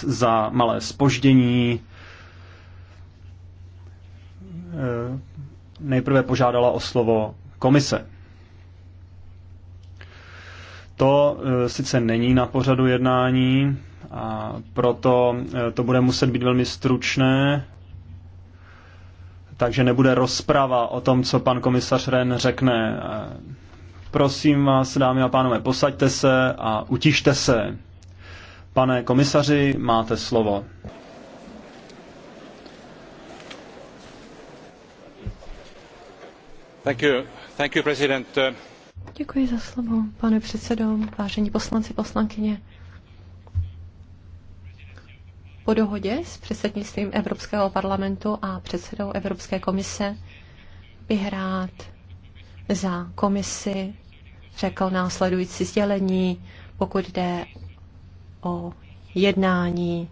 za malé spoždění. Eh, nejprve požádala o slovo komise. To eh, sice není na pořadu jednání a proto eh, to bude muset být velmi stručné, takže nebude rozprava o tom, co pan komisař Ren řekne. Prosím vás, dámy a pánové, posaďte se a utište se. Pane komisaři, máte slovo. Thank you. Thank you, president. Děkuji za slovo, pane předsedo, vážení poslanci, poslankyně. Po dohodě s předsednictvím Evropského parlamentu a předsedou Evropské komise bych rád za komisi řekl následující sdělení, pokud jde o jednání,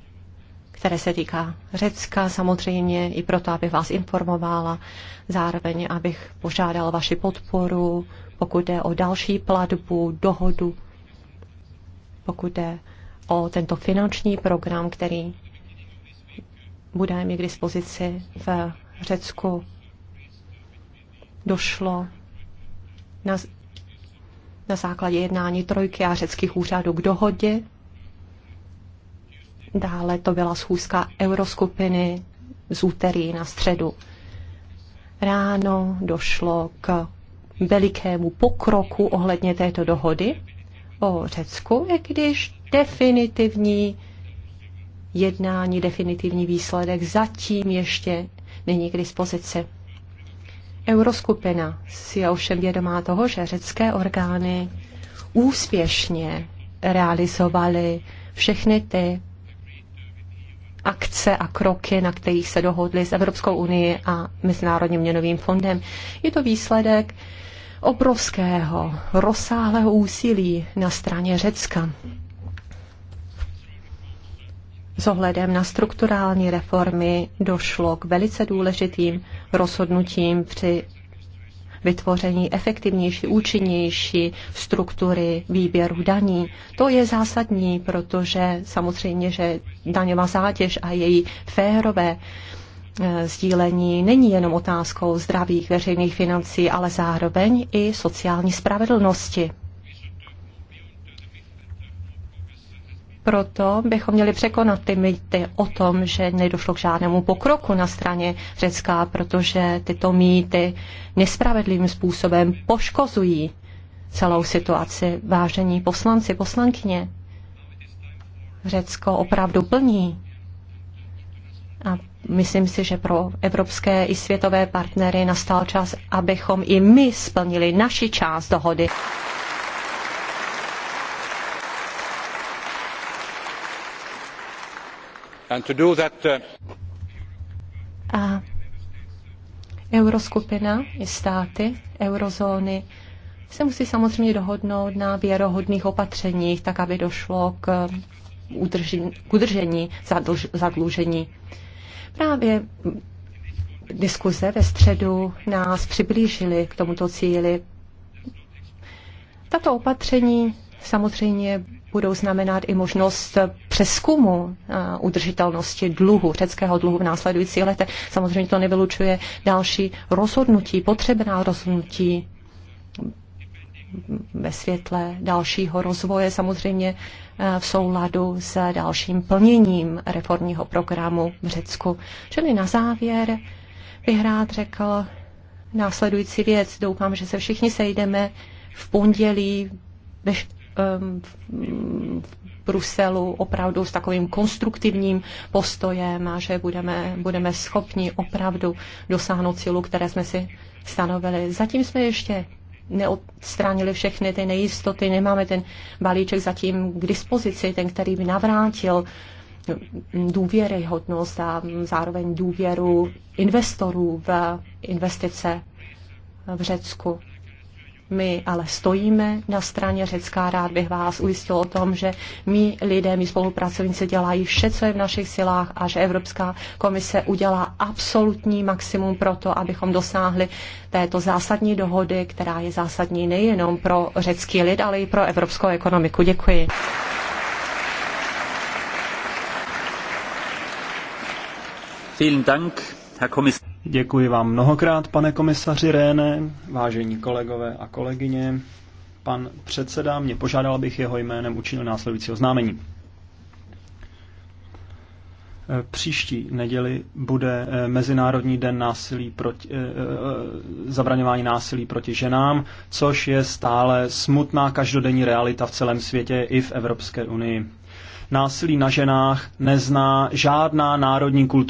které se týká Řecka samozřejmě, i proto, abych vás informovala, zároveň abych požádala vaši podporu, pokud jde o další platbu, dohodu, pokud jde o tento finanční program, který budeme mít k dispozici v Řecku. Došlo na, na základě jednání trojky a řeckých úřadů k dohodě Dále to byla schůzka euroskupiny z úterý na středu. Ráno došlo k velikému pokroku ohledně této dohody o Řecku, i když definitivní jednání, definitivní výsledek zatím ještě není k dispozici. Euroskupina si je ovšem vědomá toho, že řecké orgány úspěšně realizovaly všechny ty akce a kroky, na kterých se dohodli s Evropskou unii a Mezinárodním měnovým fondem. Je to výsledek obrovského, rozsáhlého úsilí na straně Řecka. S ohledem na strukturální reformy došlo k velice důležitým rozhodnutím při vytvoření efektivnější, účinnější struktury výběru daní. To je zásadní, protože samozřejmě, že daňová zátěž a její férové e, sdílení není jenom otázkou zdravých veřejných financí, ale zároveň i sociální spravedlnosti. Proto bychom měli překonat ty mýty o tom, že nedošlo k žádnému pokroku na straně Řecka, protože tyto mýty nespravedlivým způsobem poškozují celou situaci. Vážení poslanci, poslankyně, Řecko opravdu plní. A myslím si, že pro evropské i světové partnery nastal čas, abychom i my splnili naši část dohody. to uh, A euroskupina i státy eurozóny se musí samozřejmě dohodnout na věrohodných opatřeních, tak aby došlo k udržení, k udržení zadlužení. Právě diskuze ve středu nás přiblížily k tomuto cíli. Tato opatření samozřejmě budou znamenat i možnost přeskumu eh, udržitelnosti dluhu, řeckého dluhu v následující letech. Samozřejmě to nevylučuje další rozhodnutí, potřebná rozhodnutí ve světle dalšího rozvoje, samozřejmě eh, v souladu s dalším plněním reformního programu v Řecku. Čili na závěr bych rád řekl následující věc. Doufám, že se všichni sejdeme v pondělí ve Um, v Bruselu opravdu s takovým konstruktivním postojem a že budeme, budeme schopni opravdu dosáhnout cílu, které jsme si stanovili. Zatím jsme ještě neodstránili všechny ty nejistoty, nemáme ten balíček zatím k dispozici, ten, který by navrátil důvěryhodnost a zároveň důvěru investorů v investice v Řecku. My ale stojíme na straně Řecka. Rád bych vás ujistil o tom, že my lidé, my spolupracovníci dělají vše, co je v našich silách a že Evropská komise udělá absolutní maximum pro to, abychom dosáhli této zásadní dohody, která je zásadní nejenom pro řecký lid, ale i pro evropskou ekonomiku. Děkuji. Vielen Dank, Herr Kommissar. Děkuji vám mnohokrát, pane komisaři Réne, vážení kolegové a kolegyně. Pan předseda mě požádal, abych jeho jménem učinil následující oznámení. Eh, příští neděli bude eh, Mezinárodní den násilí proti, eh, zabraňování násilí proti ženám, což je stále smutná každodenní realita v celém světě i v Evropské unii. Násilí na ženách nezná žádná národní kultura.